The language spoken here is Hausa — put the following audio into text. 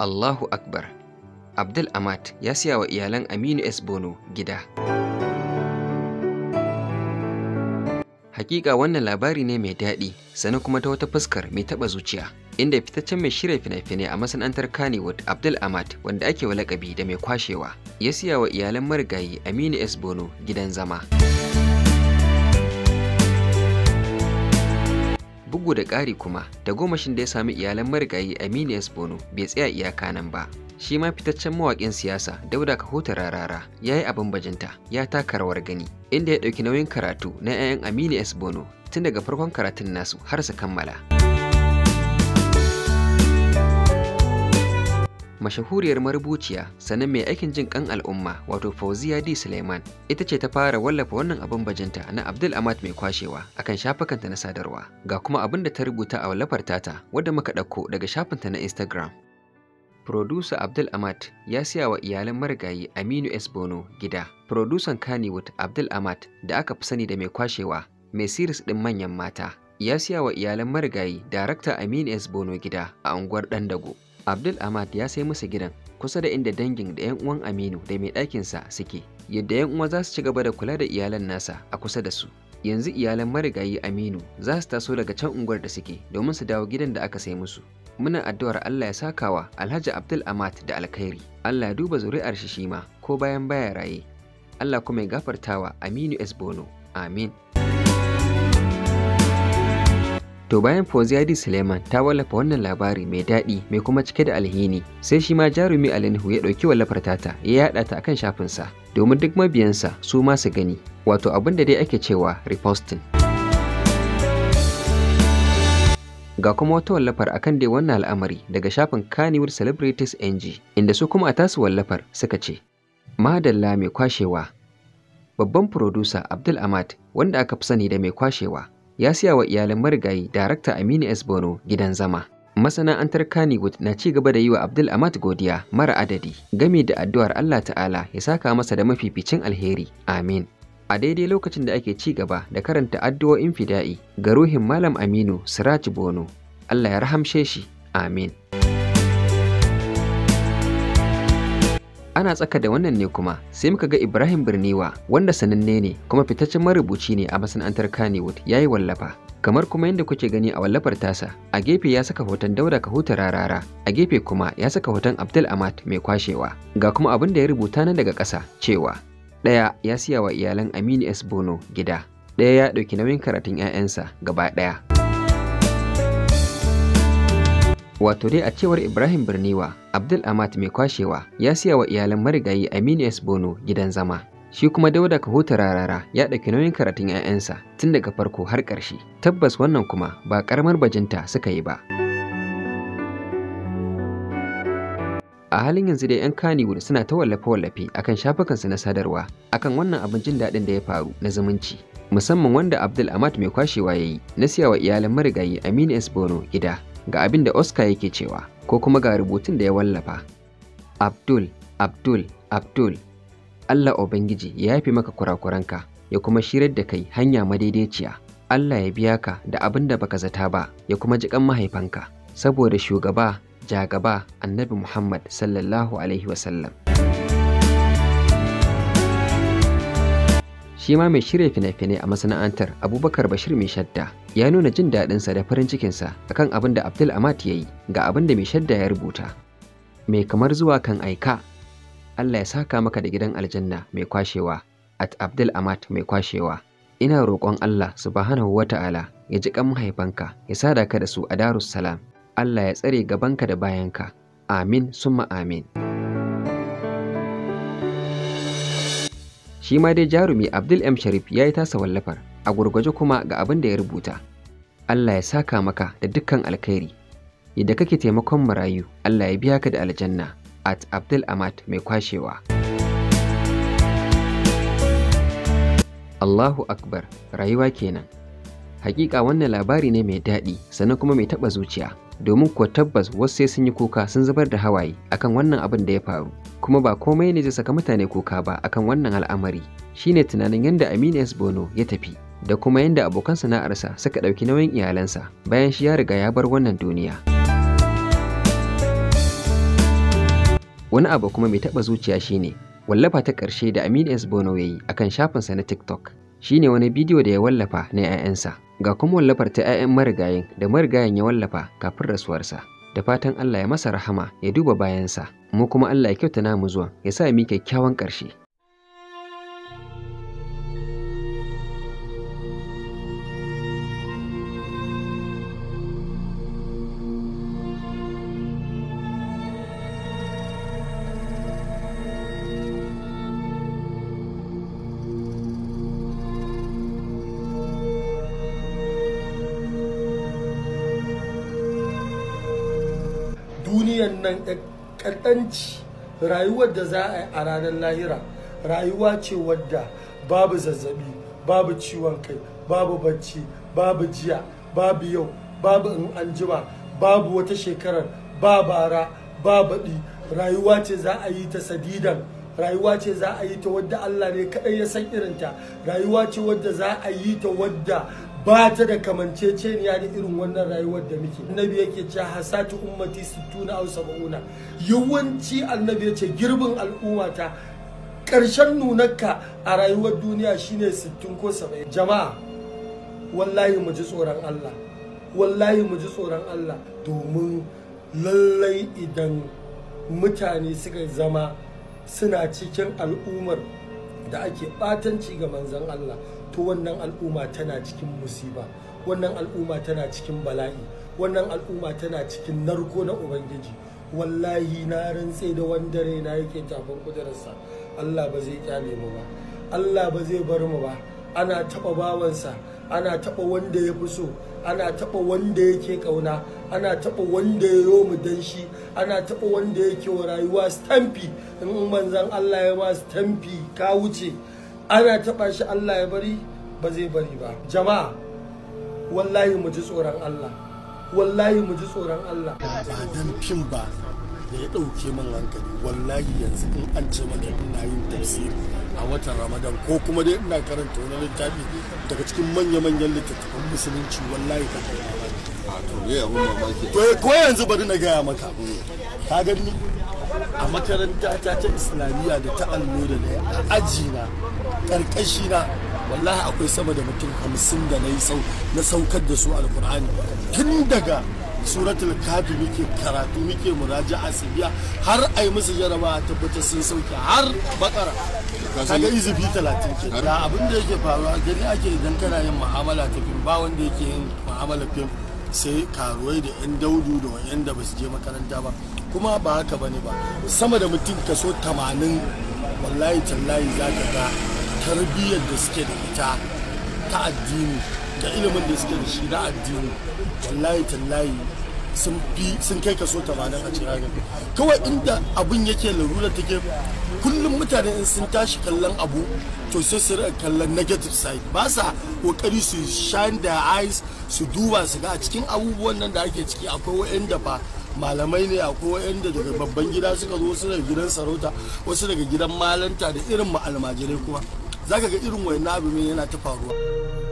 Allahu Akbar. Abdul Amat ya siya wa iyalan Aminu S. Bono gida. Hakika wannan labari ne mai daɗi, sani kuma ta wata fuskar mai taɓa zuciya, inda fitaccen mai shirya fina-finai a masana'antar Kannywood Abdul Amat wanda ake wa laƙabi da mai kwashewa, ya siya wa iyalan marigayi Aminu S. Bono gidan zama. bugu da ƙari kuma da gomashin da ya sami iyalan marigayi Aminu Bono bai tsaya iyaka nan ba. Shi ma fitaccen mawaƙin siyasa Dauda Kahota Rarara ya yi abin bajinta ya taka rawar gani inda ya ɗauki nauyin karatu na 'ya'yan Aminu Bono tun daga farkon karatun nasu har su kammala. mashahuriyar marubuciya sannan mai aikin jin kan al'umma wato fauziya d suleiman ita ce ta fara wallafa wannan abin bajinta na abdul amat mai kwashewa akan shafukanta na sadarwa ga kuma abin da ta rubuta a wallafar tata wadda muka ɗauko daga shafinta na instagram producer Abdul Amat ya siya wa iyalan marigayi Aminu S. Bono gida. producer Kannywood Abdul Amat da aka fi sani da mai kwashewa, mai siris ɗin manyan mata. Ya siya wa iyalan marigayi Darakta Aminu S. Bono gida a unguwar Dandago. Abdul Ahmad ya sai musu gidan kusa da inda dangin da 'yan uwan Aminu da mai ɗakinsa suke, yadda 'yan uwa za su ci gaba da kula da iyalan nasa a kusa da su. Yanzu iyalan marigayi Aminu za su taso daga can unguwar da suke domin su dawo gidan da aka sai musu. Muna addu'ar Allah ya sakawa Alhaji Abdul Ahmad da alkhairi. Allah ya duba zuri'ar shi ma ko bayan baya raye. Allah kuma ya gafartawa Aminu Esbono. Amin. To bayan Adi Suleiman ta wallafa wannan labari mai daɗi mai kuma cike da alhini, sai shi ma jarumi Alinhu ya ɗauki wallafar tata ya yaɗa ta akan shafinsa domin duk mabiyansa su ma su gani, wato abin da dai ake cewa reposting. Ga kuma wata wallafar akan dai wannan al'amari daga shafin Kannywood Celebrities NG, inda su kuma a tasu wallafar suka ce, Madalla mai kwashewa, babban furodusa Abdul Ahmad wanda aka fi sani da mai kwashewa ya siya wa iyalan marigayi darakta Aminu S. Bono gidan zama. Masana'antar Kannywood na ci gaba da yi wa Abdul Amat godiya mara adadi game da addu'ar Allah Ta'ala ya saka masa da mafificin alheri. Amin. A daidai lokacin da ake ci gaba da karanta addu'o'in fida'i ga ruhin Malam Aminu Siraj Bono. Allah ya rahamshe shi. Amin. ana tsaka da wannan ne kuma sai muka ga Ibrahim Birniwa wanda sananne ne kuma fitaccen marubuci ne a masana'antar Kannywood ya yi wallafa. Kamar kuma yadda kuke gani a wallafar tasa, a gefe ya saka hoton Dauda Kahuta Rarara, a gefe kuma ya saka hoton Abdul Ahmad mai kwashewa. Ga kuma abin da ya rubuta nan daga ƙasa cewa ɗaya ya siya wa iyalan Aminu S. Bono gida, ɗaya ya ɗauki nauyin karatun 'ya'yansa gaba ɗaya. Wato dai a cewar Ibrahim Birniwa, Abdul Amat mai kwashewa ya siya wa iyalan marigayi Aminu S. Bono gidan zama. Shi kuma Dauda Kahuta Rarara ya ɗauki nauyin karatun 'ya'yansa tun daga farko har ƙarshe. Tabbas wannan kuma ba ƙaramar bajinta suka yi ba. a halin yanzu dai 'yan kaniwood suna ta wallafe-wallafe akan shafukansu na sadarwa akan wannan abin jin daɗin da ya faru na zumunci musamman wanda abdul amat mai kwashewa ya yi na siya wa iyalan marigayi aminu s bono gida ga abin da Oscar yake cewa ko kuma ga rubutun da ya wallafa. Abdul, Abdul, Abdul, Allah Ubangiji ya yafi maka kurakuranka ya kuma shirar da kai hanya madaidaiciya. Allah ya biya ka da abin da baka zata ba ya kuma jiƙan mahaifanka saboda shugaba, jagaba, annabi Muhammad sallallahu Alaihi wasallam. shi ma mai shirya fina-finai a masana'antar abubakar bashir mai shadda ya nuna jin daɗinsa da farin cikinsa akan abin da abdul amat ya yi ga abin da mai shadda ya rubuta mai kamar zuwa kan aika allah ya saka maka da gidan aljanna mai kwashewa at abdul amat mai kwashewa ina roƙon allah subhanahu ta'ala ya ji kan mahaifanka ya sada ka da su a darussalam allah ya tsare gabanka da bayanka amin summa amin shi ma dai jarumi abdul m sharif ya yi tasa wallafar a gurgwaje kuma ga abin da ya rubuta allah ya saka maka da dukkan alkhairi yadda kake taimakon marayu allah ya biya ka da aljanna at abdul amad mai kwashewa allahu akbar rayuwa kenan Hakika wannan labari ne mai daɗi sannan kuma mai taɓa zuciya. Domin kuwa tabbas wasu sai sun yi kuka sun zubar da hawaye akan wannan abin da ya faru. Kuma ba komai ne zai saka mutane kuka ba akan wannan al'amari. Shine tunanin yadda Aminu S. Bono ya tafi da kuma yadda abokan sana'arsa suka ɗauki nauyin iyalansa bayan shi ya riga ya bar wannan duniya. Wani abu kuma mai taɓa zuciya shine wallafa ta ƙarshe da Aminu S. Bono ya yi akan shafinsa na TikTok. shine wani bidiyo da ya wallafa na 'ya'yansa ga kuma wallafar ta 'ya'yan marigayin da marigayin ya wallafa kafin rasuwarsa da fatan Allah ya masa rahama ya duba bayansa mu kuma Allah ya kyauta namu zuwa ya sa mu kyakkyawan ƙarshe duniyan nan kaɗanci rayuwar da za a yi a ranar lahira rayuwa ce wadda babu zazzabi babu ciwon kai babu bacci babu jiya babu yau babu in an jima babu wata shekarar ba bara ba baɗi rayuwa ce za a yi ta sadidan rayuwa ce za a yi ta wadda Allah ne kaɗai ya san irinta rayuwa ce wadda za a yi ta wadda ba ta da kamanceceniya da irin wannan rayuwar da muke annabi yake ce hasatu ummati sittuna aw sab'una yawanci annabi ya ce girbin al'ummata karshen nunarka a rayuwar duniya shine sittin ko 70 jama'a wallahi mu ji tsoron Allah wallahi mu ji tsoron Allah domin lallai idan mutane suka zama suna cikin al'ummar da ake ɓatanci ga manzan Allah to wannan al'umma tana cikin musiba wannan al'umma tana cikin bala'i wannan al'umma tana cikin narko na ubangiji wallahi na rantse da wanda raina yake tafin kudurarsa Allah ba zai kyale mu ba Allah ba zai bar mu ba ana taɓa bawansa ana taɓa wanda ya fi so ana taɓa wanda yake ƙauna ana taɓa wanda ya yo mu dan shi ana taɓa wanda yake wa rayuwa stampi in manzan Allah ya ma stampi ka wuce ana taɓa shi Allah ya bari ba zai bari ba jama'a wallahi mu ji tsoron Allah wallahi mu ji tsoron Allah ba dan fim ba da ya ɗauke min hankali wallahi yanzu in an ce maka ina yin tafsiri a watan ramadan ko kuma dai ina karanta wani littafi daga cikin manya-manyan littattafan musulunci wallahi ka kai to eh, ko yanzu bari na gaya maka ka gani a makaranta ta ta islamiyya da ta allo da na aji na karkashi na wallahi akwai sama da mutum hamsin da na yi na saukar da su alkur'ani tun daga suratul kafi muke karatu muke muraja a har a yi musu jaraba tabbatar sun sauke har bakara kaga izifi talatin ke da abin da yake faruwa gani ake idan kana yin mu'amala ta fim ba wanda yake yin mu'amala fim sai karuwai da yan daudu da wayan da basu je makaranta ba kuma ba haka bane ba sama da mutum kaso tamanin wallahi tallahi zaka ga tarbiyyar da suke da ita ta addini da ilimin da suke da shi na addini wallahi tallahi sun kai kaso ta bada a cikin ranar kawai inda abin yake larura take kullum mutane in sun tashi kallon abu to sai su rika kallon negative side ba sa kokari su shine their eyes su duba su ga a cikin abubuwan nan da ake ciki akwai wa'anda ba malamai ne akwai wa'anda daga babban gida suka zo wasu daga gidan sarauta wasu daga gidan malanta da irin mu almajirai kuma zaka ga irin wa'annan abu yana ta faruwa